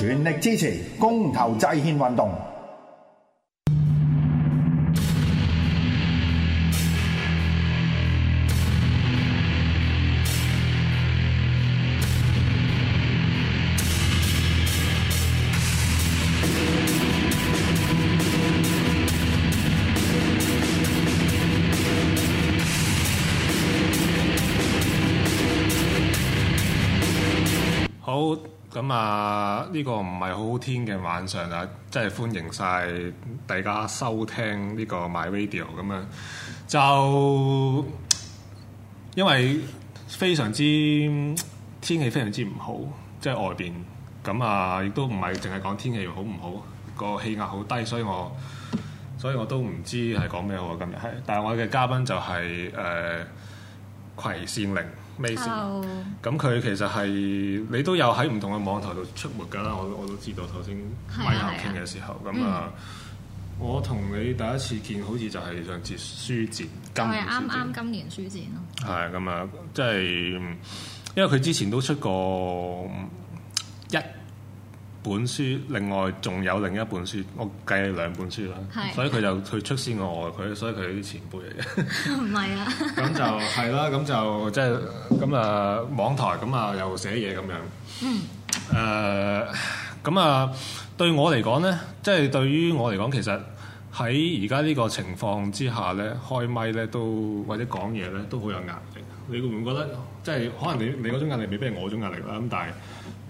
全力支持公投制憲運動。咁啊，呢、嗯這個唔係好好天嘅晚上啊，真係歡迎晒大家收聽呢個 My Radio 咁樣。就因為非常之天氣非常之唔好，即係外邊。咁、嗯、啊，亦都唔係淨係講天氣好唔好，個氣壓好低，所以我所以我都唔知係講咩喎今日係。但係我嘅嘉賓就係、是、誒、呃、葵倩鈴。咁佢 Amazing. Hello. 其實係你都有喺唔同嘅網台度出沒㗎啦，我我都知道頭先埋下傾嘅時候，咁啊，我同你第一次見好似就係上次書展，係啱啱今年書展咯，係咁啊，即係、就是、因為佢之前都出過一本書另外仲有另一本書，我計兩本書啦是。所以佢就佢出先我，佢所以佢啲前輩嚟嘅。唔 係是啊。咁 就係啦，咁就即係咁啊，網台咁啊，又寫嘢咁樣。誒、嗯，咁啊、呃，對我嚟講咧，即、就、係、是、對於我嚟講，其實喺而家呢個情況之下咧，開咪咧都或者講嘢咧都好有壓力。你會唔會覺得即係、就是、可能你你嗰種壓力未必係我種壓力啦？咁但係。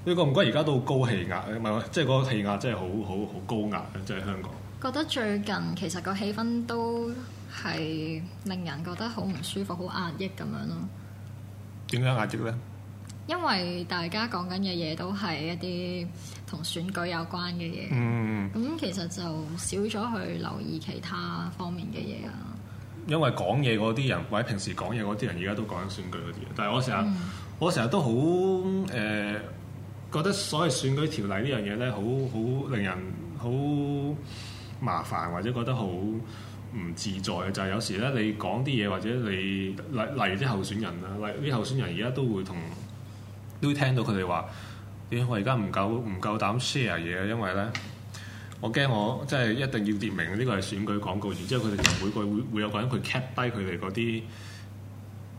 呢覺唔覺而家都好高氣壓？唔係，即係嗰個氣壓真，即係好好好高壓，即係香港。覺得最近其實個氣氛都係令人覺得好唔舒服、好壓抑咁樣咯。點樣壓抑咧？因為大家講緊嘅嘢都係一啲同選舉有關嘅嘢。嗯。咁其實就少咗去留意其他方面嘅嘢啊。因為講嘢嗰啲人，或者平時講嘢嗰啲人，而家都講緊選舉嗰啲。但係我成日，嗯、我成日都好誒。呃覺得所謂選舉條例呢樣嘢咧，好好令人好麻煩，或者覺得好唔自在嘅，就係有時咧，你講啲嘢或者你例例如啲候選人啊，例如啲候選人而家都會同都會聽到佢哋話：誒，我而家唔夠唔夠膽 share 嘢，因為咧，我驚我即係一定要列明，呢個係選舉廣告，然之後佢哋就每個會會有個人去 cut 低佢哋嗰啲。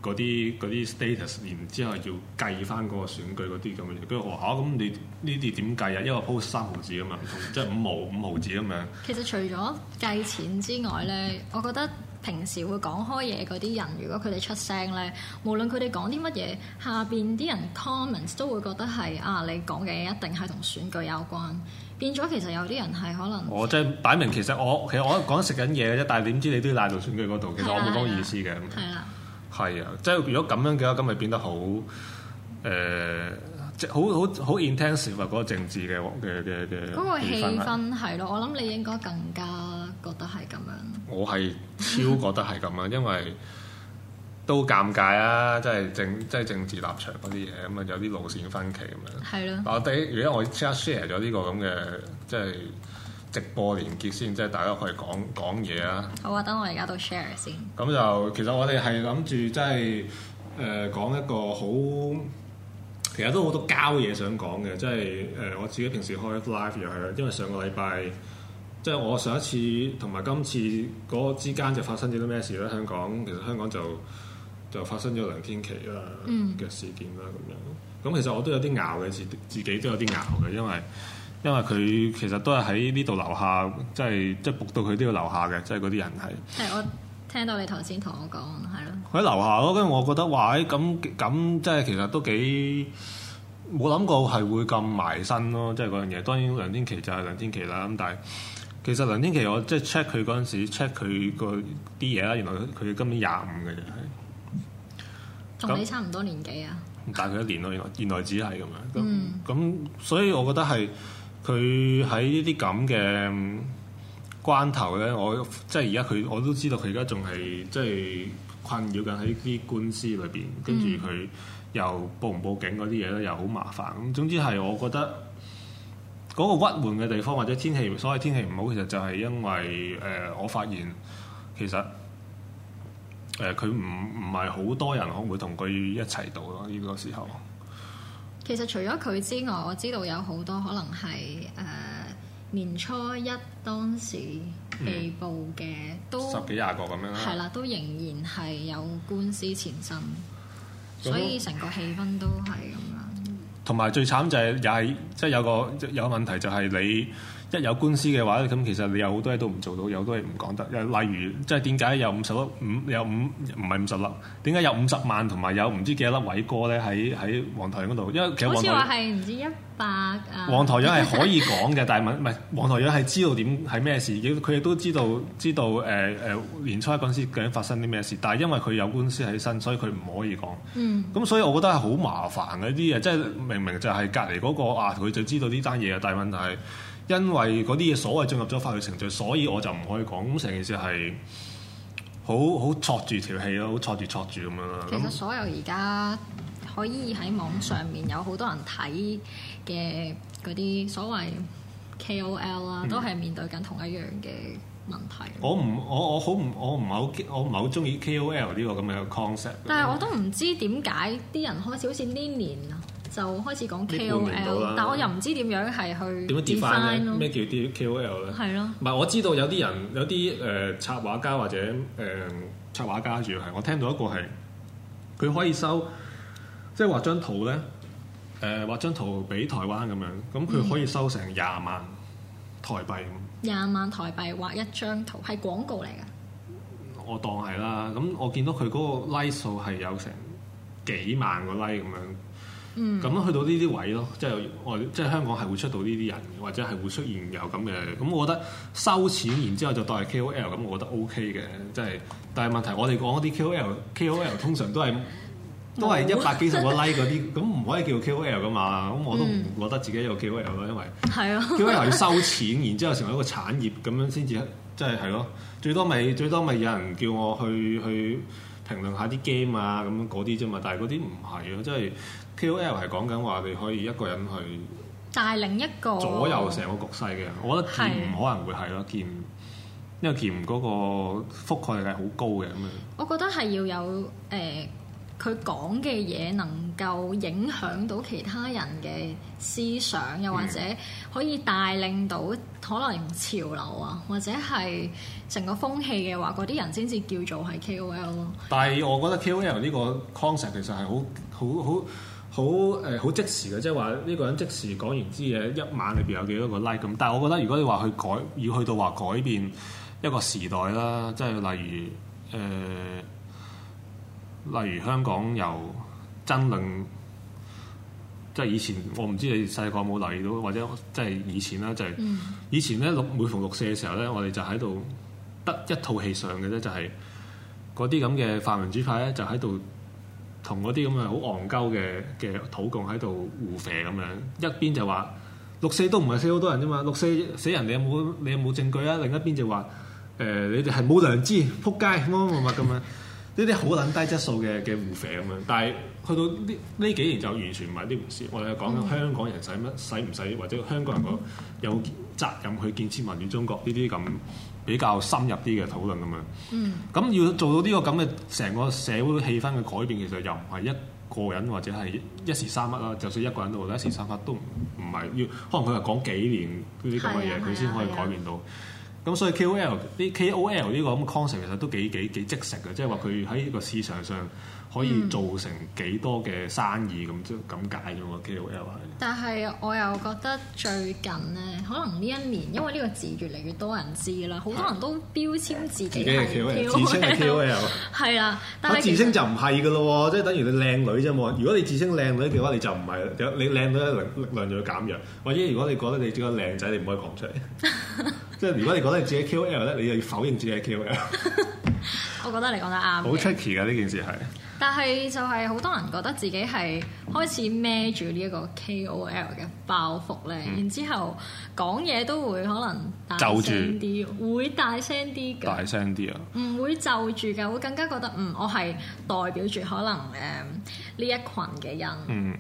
嗰啲啲 status，然之後要計翻嗰個選舉嗰啲咁嘅嘢。跟住我話吓，咁你呢啲點計啊？因為個 post 三毫子啊嘛，即係五毫五毫子咁樣。其實除咗計錢之外咧，我覺得平時會講開嘢嗰啲人，如果佢哋出聲咧，無論佢哋講啲乜嘢，下邊啲人 comments 都會覺得係啊，你講嘅嘢一定係同選舉有關。變咗其實有啲人係可能我即係擺明其實我其實我講食緊嘢嘅啫，但係點知你都要賴到選舉嗰度。其實我冇嗰個意思嘅。係啦吧。係啊，即係如果咁樣嘅話，咁咪變得好誒，即、呃、係好好好 intensive 嗰個政治嘅嘅嘅嘅個氣氛係咯。我諗你應該更加覺得係咁樣，我係超覺得係咁樣， 因為都尷尬啊！即係政即係政治立場嗰啲嘢，咁啊有啲路線分歧咁樣係咯。的我第一如果我即刻 share 咗呢個咁嘅，即係。直播連結先，即係大家可以講講嘢啊。好啊，等我而家都 share 先。咁就其實我哋係諗住即係誒講一個好，其實都好多交嘢想講嘅，即係誒、呃、我自己平時開 live 又係，因為上個禮拜即係我上一次同埋今次嗰個之間就發生咗啲咩事咧？香港其實香港就就發生咗梁天琦啊嘅事件啦咁、嗯、樣。咁其實我都有啲拗嘅，自自己都有啲拗嘅，因為。因為佢其實都係喺呢度樓下，即係即係撲到佢呢度樓下嘅，即係嗰啲人係。係、嗯，我聽到你頭先同我講，係咯。佢喺樓下咯，跟住我覺得哇！咁咁即係其實都幾冇諗過係會咁埋身咯，即係嗰樣嘢。當然梁天琦就係梁天琦啦。咁但係其實梁天琦我即係 check 佢嗰陣時 check 佢嗰啲嘢啦。原來佢今年廿五嘅就係。同你差唔多年紀啊？但大佢一年咯，原來原來只係咁樣。咁、嗯、咁、嗯嗯，所以我覺得係。佢喺呢啲咁嘅關頭咧，我即係而家佢，我都知道佢而家仲係即係困擾緊喺啲官司裏邊，跟住佢又報唔報警嗰啲嘢咧，又好麻煩。咁總之係，我覺得嗰、那個鬱悶嘅地方或者天氣，所謂天氣唔好，其實就係因為誒、呃，我發現其實誒佢唔唔係好多人可能會同佢一齊到咯呢、這個時候。其實除咗佢之外，我知道有好多可能係誒、uh, 年初一當時被捕嘅，嗯、都十幾廿個咁樣，係啦，都仍然係有官司纏身，嗯、所以成個氣氛都係咁樣。同埋、嗯、最慘就係也係即係有個有個問題就係你。一有官司嘅話，咁其實你有好多嘢都唔做到，有好多嘢唔講得。例如即係點解有五十粒五有五唔係五十粒，點解有五十萬同埋有唔知幾多粒偉哥咧？喺喺黃台仰嗰度，因為其實黃台仰係唔知一百黃台、嗯、仰係可以講嘅， 但係問唔係黃台仰係知道點係咩事，佢亦都知道知道誒誒、呃呃、年初一嗰陣時究竟發生啲咩事。但係因為佢有官司喺身，所以佢唔可以講。咁、嗯、所以我覺得係好麻煩嘅啲嘢，即係明，明明就係隔離嗰個啊，佢就知道呢單嘢嘅，但係問題係。因為嗰啲嘢所謂進入咗法律程序，所以我就唔可以講。咁成件事係好好挫住條氣咯，好挫住挫住咁樣啦。其實所有而家可以喺網上面有好多人睇嘅嗰啲所謂 KOL 啊，都係面對緊同一樣嘅問題。我唔、嗯，我我好唔，我唔係好，我唔係好中意 KOL 呢個咁樣嘅 concept。但係我都唔知點解啲人開始好似呢年啊。就開始講 K O L，但我又唔知點樣係去 define 咩叫啲 K O L 咧？係咯，唔係我知道有啲人有啲誒插畫家或者誒插畫家，主要係我聽到一個係佢可以收即係畫張圖咧，誒、呃、畫張圖俾台灣咁樣，咁佢可以收成廿萬台幣，廿、嗯、廿萬台幣畫一張圖係廣告嚟㗎。我當係啦，咁我見到佢嗰個 like 數係有成幾萬個 like 咁樣。嗯、咁樣去到呢啲位咯，即係我即係香港係會出到呢啲人，或者係會出現有咁嘅，咁我覺得收錢然之後就當係 K O L 咁，我覺得 O K 嘅，即係。但係問題我哋講啲 K O L，K O L 通常都係都係一百幾十個 like 嗰啲，咁唔可以叫 K O L 噶嘛？咁我都唔覺得自己有 K O L 咯，嗯、因為 K O L 要收錢，然之後成為一個產業咁 樣先至，即係係咯。最多咪、就是、最多咪有人叫我去去，評論下啲 game 啊，咁嗰啲啫嘛，但係嗰啲唔係啊，即係 K.O.L 係講緊話你可以一個人去帶另一個左右成個局勢嘅人。我覺得劍可能會係咯，劍，是的 因為劍嗰個覆蓋係好高嘅咁樣。我覺得係要有誒。呃佢講嘅嘢能夠影響到其他人嘅思想，又或者可以帶領到可能潮流啊，或者係成個風氣嘅話，嗰啲人先至叫做係 KOL 囉。但係我覺得 KOL 呢個 concept 其實係好好好好誒好即時嘅，即係話呢個人即時講完啲嘢一晚裏邊有幾多個 like 咁。但係我覺得如果你話去改，要去到話改變一個時代啦，即係例如誒。呃例如香港由爭論，即係以前我唔知你細個有冇留意到，或者即係以前啦，就係以前咧六每逢六四嘅時候咧，我哋就喺度得一套戲上嘅啫，就係嗰啲咁嘅泛民主派咧，就喺度同嗰啲咁嘅好戇鳩嘅嘅土共喺度互射咁樣，一邊就話六四都唔係死好多人啫嘛，六四死人你有冇你有冇證據啊？另一邊就話誒你哋係冇良知，撲街，冇乜冇乜咁樣。呢啲好撚低質素嘅嘅護肥，咁樣，但係去到呢呢幾年就完全唔係呢回事。嗯、我哋係講香港人使乜使唔使，或者香港人有責任去建設民主中國呢啲咁比較深入啲嘅討論咁樣。嗯。咁要做到呢個咁嘅成個社會氣氛嘅改變，其實又唔係一個人或者係一時三刻啦。就算一個人或者一時三刻都唔唔係要，可能佢係講幾年呢啲咁嘅嘢，佢先、啊、可以改變到。咁所以 KOL 啲 KOL 呢個咁嘅 concept 其實都幾幾幾即食嘅，即係話佢喺一個市場上，可以做成幾多嘅生意咁即咁解啫喎，K O L 啊、嗯，但係我又覺得最近咧，可能呢一年因為呢個字越嚟越多人知啦，好的多人都標籤自己係自稱 K O L 係啦。但係自稱就唔係噶咯喎，即係等於你靚女啫喎。如果你自稱靚女嘅話你，你就唔係，你靚女力量就會減弱。或者如果你覺得你自己靚仔，你唔可以講出嚟。 即係如果你覺得你自己 K O L 咧，你就要否認自己係 K O L。 我覺得你講得啱。好出奇 i 㗎呢件事係。但係就係好多人覺得自己係開始孭住呢一個 KOL 嘅包袱咧，嗯、然之後講嘢都會可能大聲啲，就住會大聲啲嘅。大聲啲啊！唔會就住嘅，會更加覺得嗯，我係代表住可能誒呢、呃、一群嘅人。嗯。誒、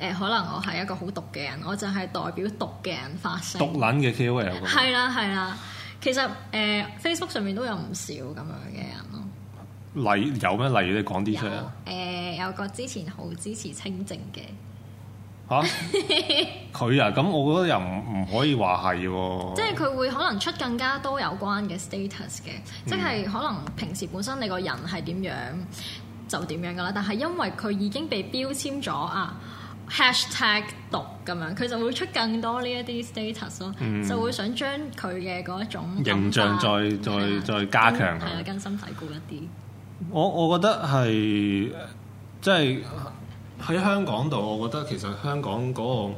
呃，可能我係一個好毒嘅人，我就係代表毒嘅人發聲。毒撚嘅 KOL。係啦係啦，其實誒、呃、Facebook 上面都有唔少咁樣嘅人。例有咩？例如你講啲出嚟啊。誒有、呃、有個之前好支持清靜嘅嚇，佢 啊，咁，我覺得又唔唔可以話係喎。即係佢會可能出更加多有關嘅 status 嘅，即係可能平時本身你個人係點樣就點樣噶啦。但係因為佢已經被標籤咗啊 hashtag 讀咁樣，佢就會出更多呢一啲 status 咯，嗯、就會想將佢嘅嗰一種形象再再再加強，係啊、嗯，根深蒂固一啲。我我覺得係即係喺香港度，我覺得其實香港嗰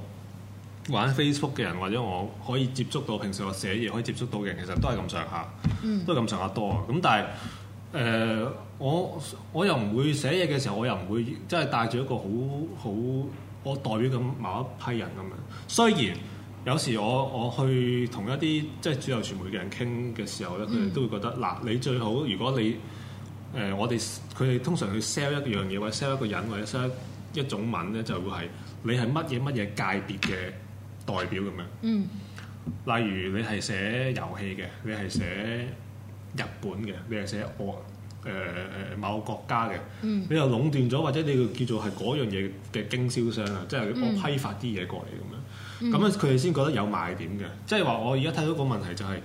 個玩 Facebook 嘅人，或者我可以接觸到，平時我寫嘢可以接觸到嘅人，其實都係咁上下，嗯、都係咁上下多啊。咁但係誒、呃，我我又唔會寫嘢嘅時候，我又唔會即係帶住一個好好我代表咁某一批人咁樣。雖然有時我我去同一啲即係主流傳媒嘅人傾嘅時候咧，佢哋都會覺得嗱、嗯，你最好如果你。誒、呃，我哋佢哋通常去 sell 一樣嘢，或者 sell 一個人，或者 sell 一種文咧，就會、是、係你係乜嘢乜嘢界別嘅代表咁樣。嗯。例如你係寫遊戲嘅，你係寫日本嘅，你係寫我誒、呃、某個國家嘅。嗯。你又壟斷咗，或者你叫做係嗰樣嘢嘅經銷商啊，即係我批發啲嘢過嚟咁樣。嗯。咁樣佢哋先覺得有賣點嘅。即係話，我而家睇到個問題就係、是，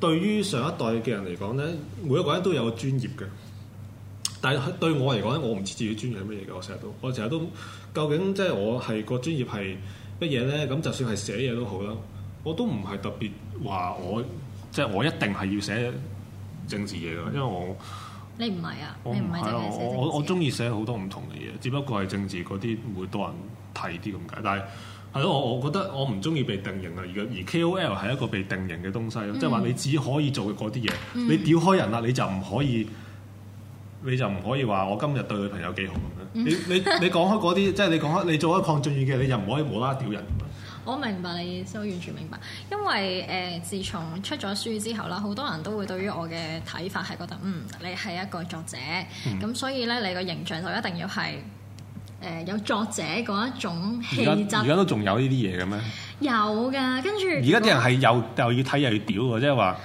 對於上一代嘅人嚟講咧，每一個人都有個專業嘅。但係對我嚟講咧，我唔知自己專業係乜嘢㗎。我成日都，我成日都，究竟即係我係個專業係乜嘢咧？咁就算係寫嘢都好啦，我都唔係特別話我即係、就是、我一定係要寫政治嘢㗎。因為我你唔係啊？我你唔係即係寫政治嘅？我我中意寫好多唔同嘅嘢，只不過係政治嗰啲會多人睇啲咁解。但係係咯，我我覺得我唔中意被定型啊。而 K O L 係一個被定型嘅東西咯，即係話你只可以做嗰啲嘢，嗯、你屌開人啦，你就唔可以。嗯你就唔可以話我今日對女朋友幾好咁樣？你你你講開嗰啲，即係你講開你做開抗爭嘅，你就唔可以冇啦屌人。我明白你我完全明白，因為誒、呃，自從出咗書之後啦，好多人都會對於我嘅睇法係覺得，嗯，你係一個作者，咁、嗯嗯、所以咧，你個形象就一定要係誒、呃、有作者嗰一種氣質。而家都仲有呢啲嘢嘅咩？有噶，跟住而家啲人係又又要睇又要屌嘅，即係話。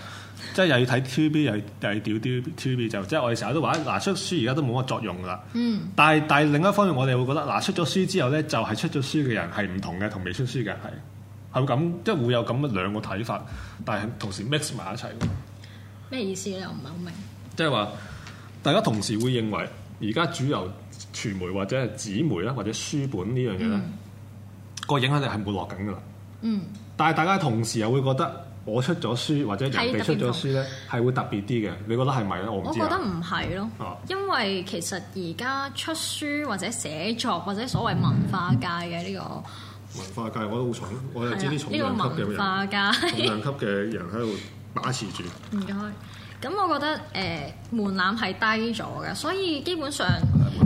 即係又要睇 TVB，又係又係屌 TVB，就即係我哋成日都話，拿出書而家都冇乜作用㗎啦。嗯。但係但係另一方面，我哋會覺得，嗱出咗書之後咧，就係、係、出咗書嘅人係唔同嘅，同未出書嘅係係會咁，即係會有咁嘅兩個睇法，但係同時 mix 埋一齊。咩意思咧？我唔係好明。即係話，大家同時會認為，而家主流傳媒或者係紙媒啦，或者書本呢樣嘢咧，個、嗯、影響力係冇落緊㗎啦。嗯。但係大家同時又會覺得。我出咗書或者人哋出咗書咧，係會特別啲嘅，你覺得係咪咧？我，我覺得唔係咯，因為其實而家出書或者寫作或者所謂文化界嘅呢個文化界，我都好重，我係知啲重級呢個文化界重級嘅人喺度把持住。唔該。 咁我覺得誒、呃、門檻係低咗嘅，所以基本上。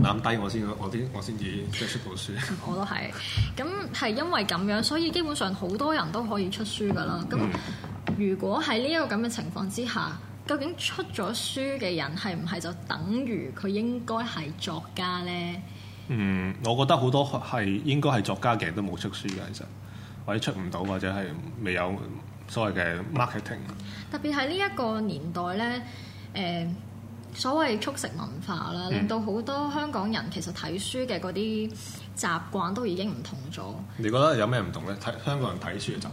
諗低我先，我先，我先至出到部書，嗯。我都係，咁係因為咁樣，所以基本上好多人都可以出書噶啦。咁如果喺呢一個咁嘅情況之下，究竟出咗書嘅人係唔係就等於佢應該係作家咧？嗯，我覺得好多係應該係作家嘅人都冇出書嘅，其實或者出唔到，或者係未有所謂嘅 marketing。特別係呢一個年代咧，誒、呃。所謂速食文化啦，令到好多香港人其實睇書嘅嗰啲習慣都已經唔同咗。你覺得有咩唔同咧？睇香港人睇書嘅習慣。誒、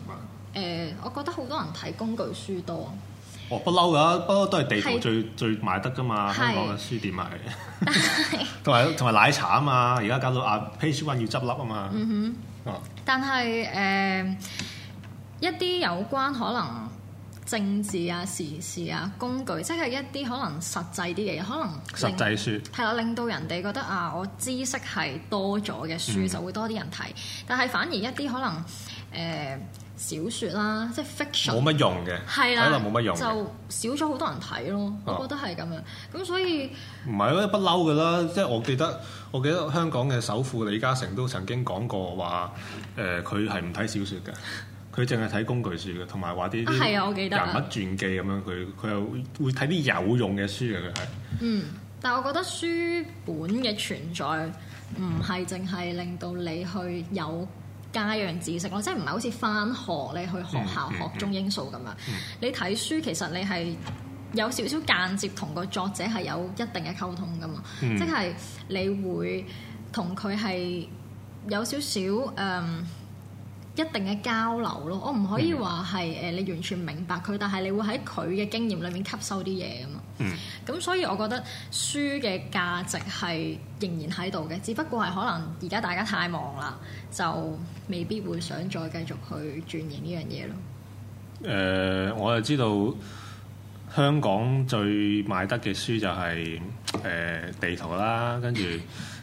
呃，我覺得好多人睇工具書多。哦，不嬲噶，不嬲都係地圖最是最，最買得㗎嘛，是香港嘅書店係。同埋同埋奶茶啊嘛，而家搞到阿 Page One 要執笠啊嘛。嗯、哼。哦、但係誒、呃，一啲有關可能。政治啊、時事啊、工具，即係一啲可能實際啲嘅嘢，可能實際書係啦、啊，令到人哋覺得啊，我知識係多咗嘅書就會多啲人睇。嗯、但係反而一啲可能誒、呃、小説啦，即係 fiction 冇乜用嘅，係啦、啊，可能冇乜用就少咗好多人睇咯。我覺得係咁樣。咁、哦、所以唔係不嬲嘅啦。即係我記得，我記得香港嘅首富李嘉誠都曾經講過話，誒，佢係唔睇小説嘅。佢淨係睇工具書嘅，同埋話啲人物傳記咁樣。佢佢、啊、又會睇啲有用嘅書嘅，佢係。嗯，但係我覺得書本嘅存在唔係淨係令到你去有加樣知識咯，嗯、即係唔係好似返學你去學校學中英數咁樣。嗯嗯嗯、你睇書其實你係有少少間接同個作者係有一定嘅溝通㗎嘛，嗯、即係你會同佢係有少少誒。嗯一定嘅交流咯，我唔可以話係誒你完全明白佢，但係你會喺佢嘅經驗裏面吸收啲嘢啊嘛。嗯，咁所以我覺得書嘅價值係仍然喺度嘅，只不過係可能而家大家太忙啦，就未必會想再繼續去鑽研呢樣嘢咯。誒、呃，我就知道香港最賣得嘅書就係、是、誒、呃、地圖啦，跟住。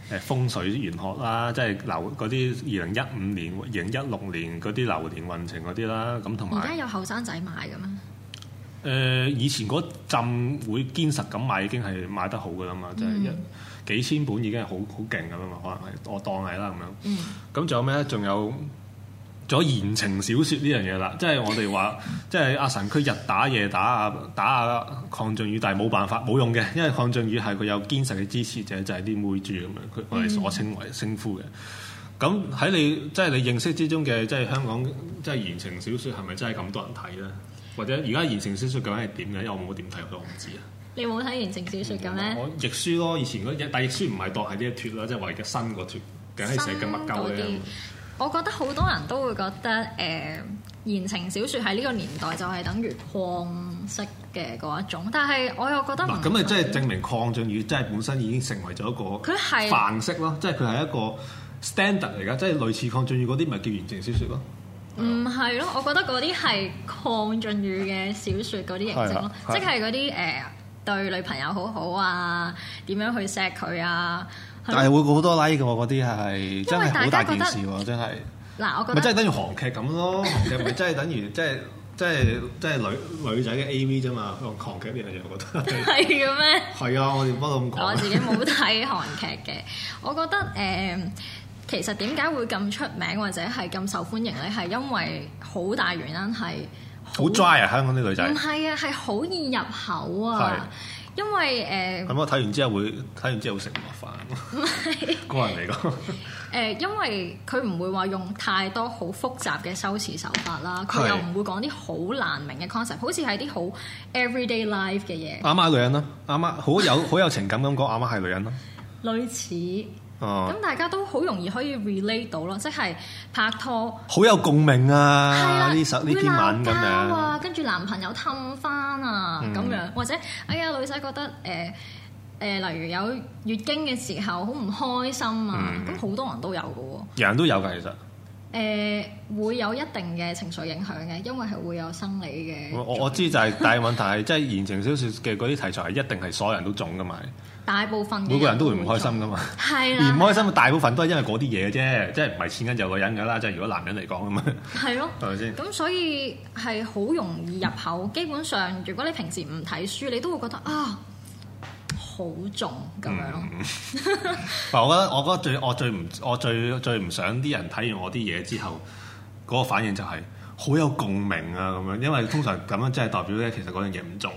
誒風水玄學啦，即係流嗰啲二零一五年、二零一六年嗰啲流年運程嗰啲啦，咁同埋而家有後生仔買㗎嘛？誒、呃，以前嗰陣會堅實咁買，已經係買得好㗎啦嘛，嗯、就係一幾千本已經係好好勁㗎喇嘛，可能係我當係啦咁樣。咁仲、嗯、有咩仲有。咗言情小説呢樣嘢啦，即係我哋話，即係阿神佢日打夜打啊，打下鄺俊宇，但係冇辦法，冇用嘅。因為鄺俊宇係佢有堅實嘅支持者，就係、是、啲妹豬咁樣，佢我哋所稱為稱呼嘅。咁喺、嗯、你即係你認識之中嘅，即係香港即係言情小説，係咪真係咁多人睇咧？或者而家言情小説究竟係點嘅？因為我冇點睇我都唔知啊！你冇睇言情小説嘅咩？我譯書咯，以前嗰日，但係譯書唔係當係啲脫啦，即係為嘅新個脱，定係寫緊乜鳩咧？我覺得好多人都會覺得，誒，言情小説喺呢個年代就係等於鄺式嘅嗰一種，但係我又覺得咁咪即係證明鄺俊宇即係本身已經成為咗一個範式咯，是即係佢係一個 standard 嚟噶，即係類似鄺俊宇嗰啲咪叫言情小説咯。唔係咯，我覺得嗰啲係鄺俊宇嘅小説嗰啲形式咯，即係嗰啲誒對女朋友好好啊，點樣去錫佢啊？但係會好多 like 嘅喎，嗰啲係真係好大件事喎，真係。嗱，我覺得咪真係等於韓劇咁咯， 韓劇咪真係等於即係即係即係女女仔嘅 AV 啫嘛，用韓劇嚟形容，我覺得。係咁咩？係 啊，我哋不咁講。我自己冇睇韓劇嘅， 我覺得誒、呃，其實點解會咁出名或者係咁受歡迎咧？係因為好大原因係。好 dry 啊！香港啲女仔。唔係啊，係好易入口啊。因為誒，咁我睇完之後會睇完之後會食埋飯，個人嚟㗎。誒、呃，因為佢唔會話用太多好複雜嘅修辭手法啦，佢是又唔會講啲好難明嘅 concept，好似係啲好 everyday life 嘅嘢。阿媽，媽女人咯、啊，阿媽，媽好有好有情感咁講，阿 媽係女人咯、啊，類似。咁噢 大家都好容易可以 relate 到咯，即係拍拖，好有共鳴啊！係啦，些會鬧交啊，跟住、嗯、男朋友氹翻啊，咁、嗯、樣或者哎呀女仔覺得誒誒、呃呃，例如有月經嘅時候好唔開心啊，咁好、嗯、多人都有嘅喎，人人都有㗎其實，誒、呃、會有一定嘅情緒影響嘅，因為係會有生理嘅。我我知就係大問題，即係 言情小説嘅嗰啲題材係一定係所有人都中嘅嘛。 大部分每個人都會唔開心㗎嘛，係是啊，唔開心大部分都係因為嗰啲嘢啫，即係唔係錢緊就個人噶啦，即係如果男人嚟講咁啊 吧，係咯，係咪先？咁所以係好容易入口，基本上如果你平時唔睇書，你都會覺得啊好重咁樣、嗯。 但我覺得我覺得最我最唔我最最唔想啲人睇完我啲嘢之後嗰、那個反應就係、是、好有共鳴啊咁樣，因為通常咁樣即係代表咧其實嗰樣嘢唔重。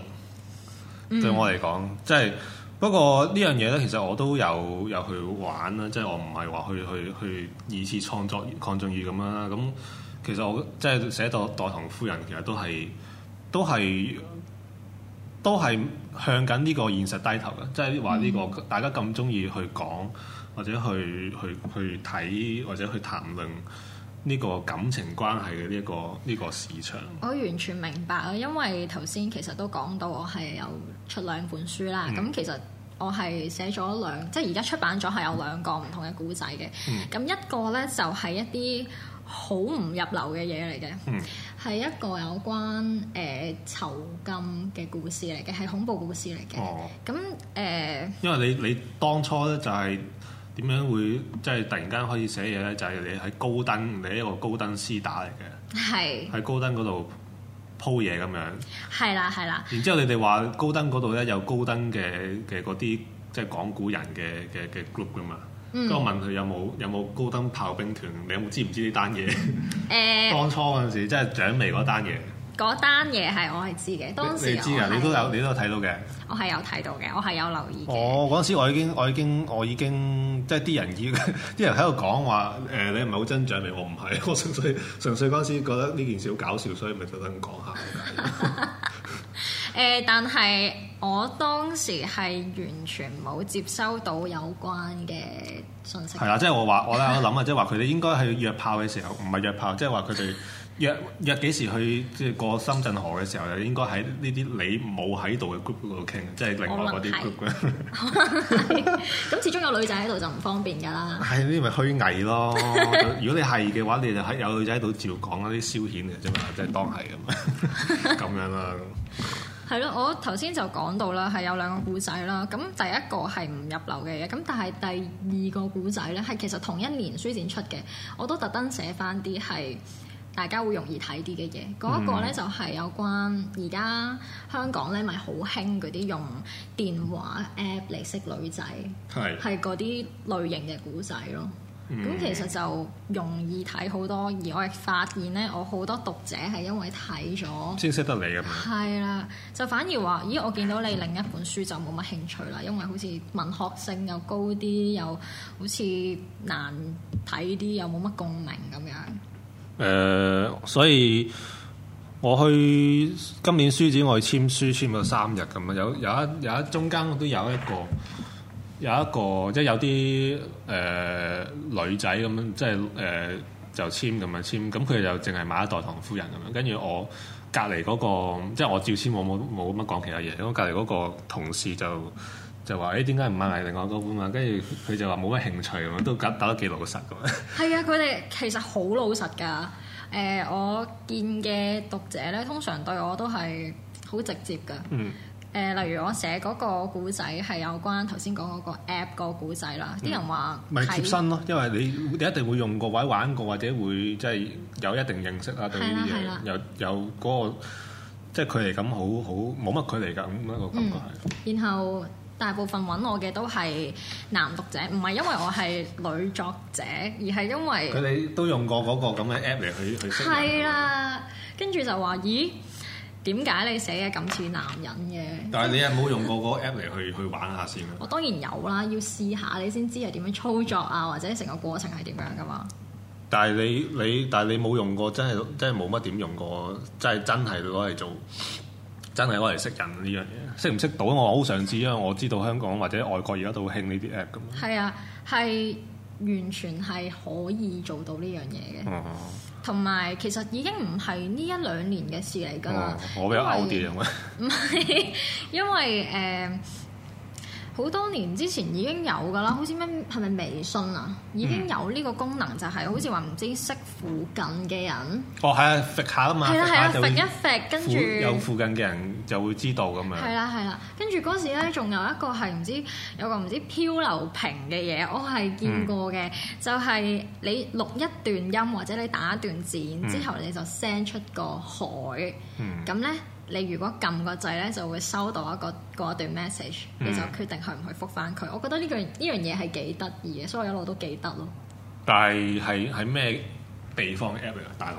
嗯、對我嚟講，即係。不過樣呢樣嘢咧，其實我都有有去玩啦，即係我唔係話去去去二次創作鄺俊宇咁樣啦。咁其實我即係寫到代同夫人，其實都係都係都係向緊呢個現實低頭嘅，即係話呢個、嗯、大家咁中意去講或者去去去睇或者去談論。呢個感情關係嘅呢一個呢、呢個市場，我完全明白啊！因為頭先其實都講到我係有出兩本書啦，咁、嗯、其實我係寫咗兩，即係而家出版咗係有兩個唔同嘅故仔嘅。咁、嗯、一個呢就係、係、一啲好唔入流嘅嘢嚟嘅，係、嗯、一個有關誒囚、呃、禁嘅故事嚟嘅，係恐怖故事嚟嘅。咁誒、哦，呃、因為你你當初呢就係、係。點樣會即係突然間開始寫嘢咧？就係、是、你喺高登，你一個高登師打嚟嘅，喺是高登嗰度鋪嘢咁樣。係啦，係啦。然之後你哋話高登嗰度咧有高登嘅嘅嗰啲即係講古人嘅嘅嘅 group 噶嘛？咁、嗯、我問佢有冇有冇高登炮兵團？你有冇知唔知呢單嘢？誒， 當初嗰陣時，即係獎微嗰單嘢。嗰單嘢係我係知嘅，你當時我係，你都有睇到嘅，我係有睇到嘅，我係有留意嘅。我嗰時，我已經，我已經，我已經，即係啲人已經，啲人喺度講話，誒、呃，你唔係好真獎？咪我唔係，我純粹純粹嗰陣時覺得呢件事好搞笑，所以咪特登咁講下。誒、 呃，但係我當時係完全冇接收到有關嘅。係啦，即係我話我咧，我諗啊，即係話佢哋應該係約炮嘅時候，唔係約炮，即係話佢哋約約幾時去即係過深圳河嘅時候，就應該喺呢啲你冇喺度嘅 group 度傾，即係另外嗰啲 group。咁 始終有女仔喺度就唔方便㗎啦。係呢咪虛偽咯？如果你係嘅話，你就喺有女仔喺度照講嗰啲消遣嘅啫嘛，即係當係咁啊，咁樣啊。係咯，我頭先就講到啦，係有兩個故仔啦。咁第一個係唔入流嘅嘢，咁但係第二個故仔咧，係其實同一年書展出嘅，我都特登寫翻啲係大家會容易睇啲嘅嘢。嗰、嗯、一個咧就係有關而家香港咧咪好興嗰啲用電話 app 嚟識女仔，係係嗰啲類型嘅故仔咯。咁、嗯、其實就容易睇好多，而我亦發現咧，我好多讀者係因為睇咗先識得你嘅。係啦，就反而話，咦？我見到你另一本書就冇乜興趣啦，因為好似文學性又高啲，又好似難睇啲，又冇乜共鳴咁樣。誒、呃，所以我去今年書展，我去簽書簽咗三日咁樣，有有一有一中間都有一個。有一個即係有啲誒、呃、女仔咁樣，即係誒、呃、就簽咁樣簽，咁佢就淨係買一代唐夫人咁樣。跟住我隔離嗰個，即係我照簽我，我冇冇乜講其他嘢。咁隔離嗰個同事就就話：誒點解唔買另外嗰本啊？跟住佢就話冇乜興趣咁樣，都打打得幾老實咁。係啊，佢哋其實好老實㗎。誒、呃，我見嘅讀者咧，通常對我都係好直接㗎。嗯。誒，例如我寫嗰個故仔係有關頭先講嗰個 App 個故仔啦，啲、嗯、人話咪貼身咯，因為你你一定會用個位玩過或者會即係有一定認識啦，對呢啲嘢又有嗰、嗰個即係距離感，好好冇乜距離感咁樣個感覺係。然後大部分揾我嘅都係男讀者，唔係因為我係女作者，而係因為佢哋都用過嗰個咁嘅 App 嚟去去識。係啦，跟住就話咦？點解你寫嘅咁似男人嘅？但係你有冇用過嗰個 app 嚟去 去玩下先？我當然有啦，要試下你先知係點樣操作啊，或者成個過程係點樣噶嘛？但係你你但係你冇用過，真係真係冇乜點用過，真係真係攞嚟做，真係攞嚟識人呢樣嘢，識唔識到？我好想知，因為我知道香港或者外國而家都興呢啲 app 咁。係啊，係完全係可以做到呢樣嘢嘅。嗯同埋，其實已經唔係呢一兩年嘅事嚟㗎。嗯、為我比較勾掉啊嘛。唔係，因為誒。呃好多年之前已經有噶啦，好似咩係咪微信啊？已經有呢個功能，就係、是、好似話唔知識附近嘅人。哦，係啊，揈下啊嘛。係啦係啊，揈一揈跟住有附近嘅人就會知道咁樣。係啦係啦，跟住嗰時咧仲有一個係唔知有個唔知漂流瓶嘅嘢，我係見過嘅，嗯、就係你錄一段音或者你打一段字之後，你就 send 出個海，咁咧、嗯。你如果撳個掣咧，就會收到一個一段 message，你就決定去唔去覆返佢。嗯、我覺得呢句呢樣嘢係幾得意嘅，所以我一路都記得咯。但係係喺咩地方 app 啊？大陸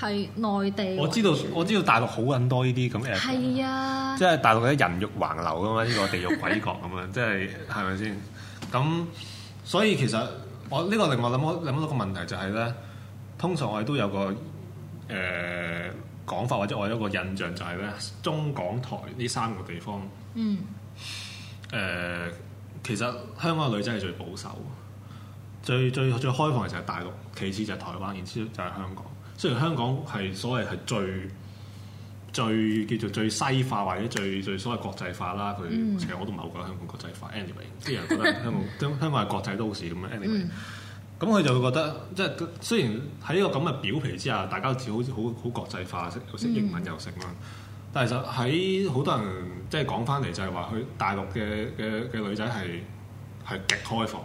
係內地我，我知道我知道大陸好撚多呢啲咁 app 係啊，即係、啊、大陸啲人肉橫流噶嘛，呢、這個地獄鬼國咁啊，即係係咪先？咁所以其實我呢個另外諗好諗到個問題就係、是、咧，通常我哋都有個誒。呃講法或者我有一個印象就係、是、咧，中港台呢三個地方，誒、嗯呃，其實香港嘅女仔係最保守，最最最開放嘅就係大陸，其次就係台灣，然之後就係香港。雖然香港係所謂係最最最叫做最西化或者最最所謂國際化啦，佢、嗯、其實我都唔係好覺得香港國際化。Anyway，啲人覺得香港 香港係國際都市咁樣。Anyway、嗯。咁佢就會覺得，即係雖然喺呢個咁嘅表皮之下，大家都好似好好好國際化，識英文又識啦。嗯、但係實喺好多人即係講翻嚟，就係話佢大陸嘅嘅嘅女仔係係極開放，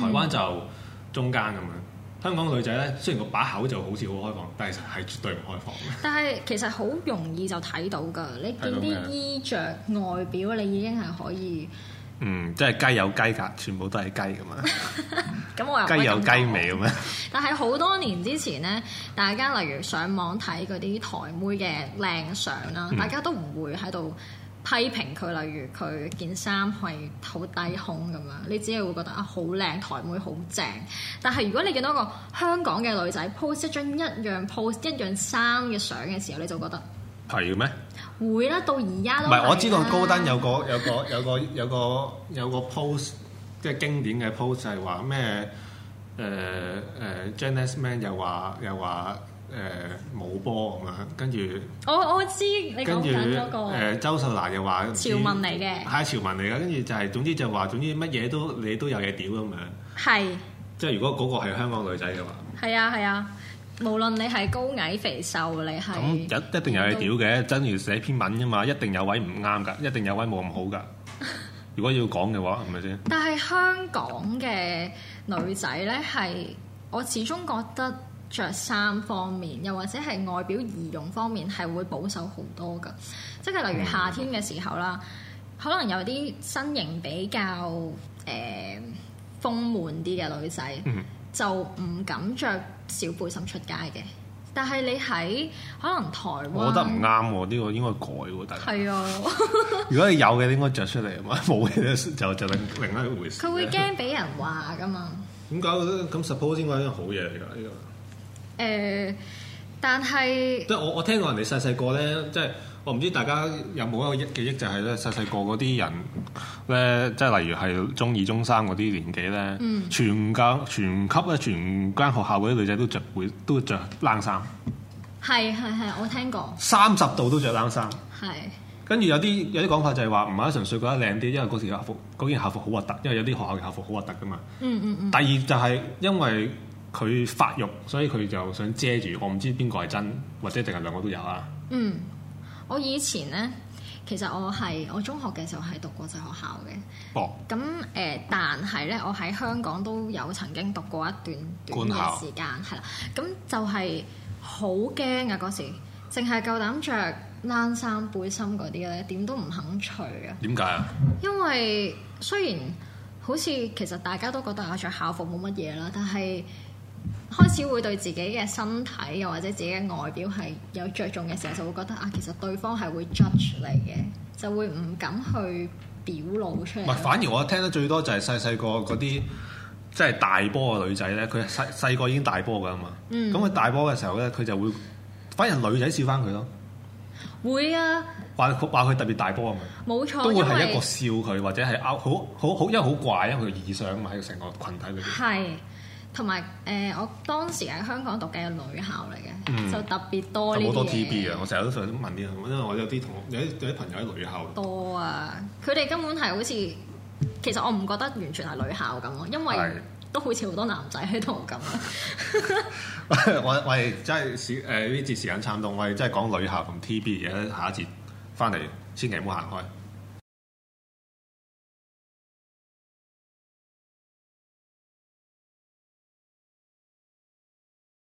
台灣就中間咁樣。香港女仔咧，雖然個把口就好似好開放，但係實係絕對唔開放。但係其實好容易就睇到噶，你見啲衣着外表，你已經係可以。嗯，即係雞有雞格，全部都係雞咁樣！ 我又樣我雞有雞味咁樣！但係好多年之前咧，大家例如上網睇嗰啲台妹嘅靚相啦，大家都唔會喺度批評佢，例如佢件衫係好低胸咁樣，你只係會覺得啊好靚，台妹好正。但係如果你見到一個香港嘅女仔 post 一張一樣 pose 一樣衫嘅相嘅時候，你就覺得。係咩？會啦，到而家啦。唔係我知道高登有個有個有個有個有個 post， 即係經典嘅 post，就係話咩？誒、呃、誒、呃、Janice Man 又話又話誒冇波咁樣，跟住我我知跟住你講緊嗰個、呃、周秀娜又話潮文嚟嘅，係潮文嚟嘅，跟住就係、是、總之就話總之乜嘢都你都有嘢屌咁樣，係即係如果嗰個係香港女仔嘅話，係啊係啊。無論你係高矮肥瘦，你係咁一一定有嘢屌嘅，真要寫篇文啫嘛，一定有位唔啱㗎，一定有位冇咁好㗎。如果要講嘅話，係咪先？但係香港嘅女仔咧，係我始終覺得著衫方面，又或者係外表儀容方面，係會保守好多㗎。即係例如夏天嘅時候啦，可能有啲身形比較誒豐滿啲嘅女仔，就唔敢著。小背心出街嘅，但係你喺可能台灣，我覺得唔啱喎，呢個應該改喎，但係。係啊。 如果你有嘅你應該着出嚟啊嘛，冇嘅就就另另一回事。佢會驚俾人話噶嘛。點解？咁 support 先係一件好嘢嚟㗎呢個。誒、呃，但係即係我我聽過人哋細細個咧，即係。我唔知大家有冇一個憶記憶，就係咧細細個嗰啲人咧，即係例如係中二、中三嗰啲年紀咧、嗯，全間全級咧，全間學校嗰啲女仔都着會，都着冷衫。係係係，我聽過。三十度都着冷衫。係是。跟住有啲有啲講法就係話唔係一純粹覺得靚啲，因為嗰時校服嗰件校服好核突，因為有啲學校嘅校服好核突㗎嘛。嗯嗯嗯。第二就係因為佢發育，所以佢就想遮住。我唔知邊個係真，或者定係兩個都有啊。嗯。我以前呢，其實我係我中學嘅時候係讀國際學校嘅，咁誒博、呃，但係呢，我喺香港都有曾經讀過一段短嘅時間，係啦校，咁就係好驚啊！嗰時淨係夠膽著冷衫背心嗰啲咧，點都唔肯除啊！點解啊？因為雖然好似其實大家都覺得我着校服冇乜嘢啦，但係，開始會對自己嘅身體又或者自己嘅外表係有着重嘅時候，就會覺得啊，其實對方係會 judge 你嘅，就會唔敢去表露出嚟。唔係，反而我聽得最多就係細細個嗰啲，即係大波嘅女仔咧，佢細細個已經大波噶嘛。嗯。咁佢大波嘅時候咧，佢就會反而女仔笑翻佢咯。會啊。話話佢特別大波啊嘛。冇錯。都會係一個笑佢，因為或者係凹好好好，因為好怪啊，佢異想嘛喺成個群體裏邊。係。同埋誒，我當時喺香港讀嘅女校嚟嘅，嗯、就特別多呢啲嘢，有好多 TB 啊！我成日都想問啲人，因為我有啲同學有有啲朋友喺女校。多啊！佢哋根本係好似，其實我唔覺得完全係女校咁咯，因為的都好似好多男仔喺度咁。我我哋真係誒，呢節時間撐到，我哋真係講女校同 TB 嘅下一節翻嚟，千祈唔好行開。